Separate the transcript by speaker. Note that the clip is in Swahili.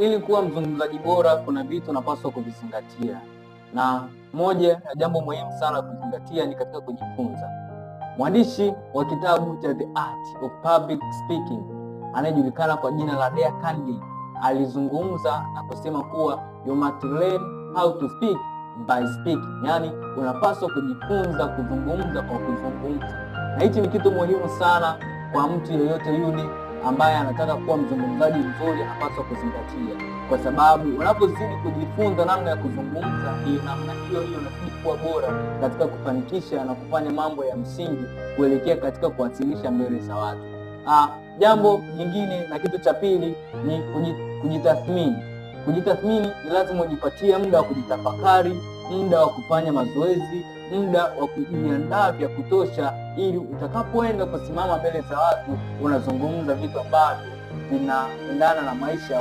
Speaker 1: Ili kuwa mzungumzaji bora, kuna vitu unapaswa kuvizingatia, na moja ya jambo muhimu sana kuzingatia ni katika kujifunza. Mwandishi wa kitabu cha The Art of Public Speaking anayejulikana kwa jina la dea Carnegie alizungumza na kusema kuwa you must learn how to speak by speaking, yaani unapaswa kujifunza kuzungumza kwa kuzungumza, na hichi ni kitu muhimu sana kwa mtu yeyote yule ambaye anataka kuwa mzungumzaji mzuri anapaswa kuzingatia, kwa sababu unapozidi kujifunza namna ya kuzungumza, hiyo namna hiyo hiyo unazidi kuwa bora katika kufanikisha na kufanya mambo ya msingi kuelekea katika kuwasilisha mbele za watu. Ah, jambo jingine na kitu cha pili ni kujitathmini. Kujitathmini ni lazima ujipatie muda wa kujitafakari muda wa kufanya mazoezi, muda wa kujiandaa vya kutosha, ili utakapoenda kusimama mbele za watu unazungumza vitu ambavyo vinaendana na maisha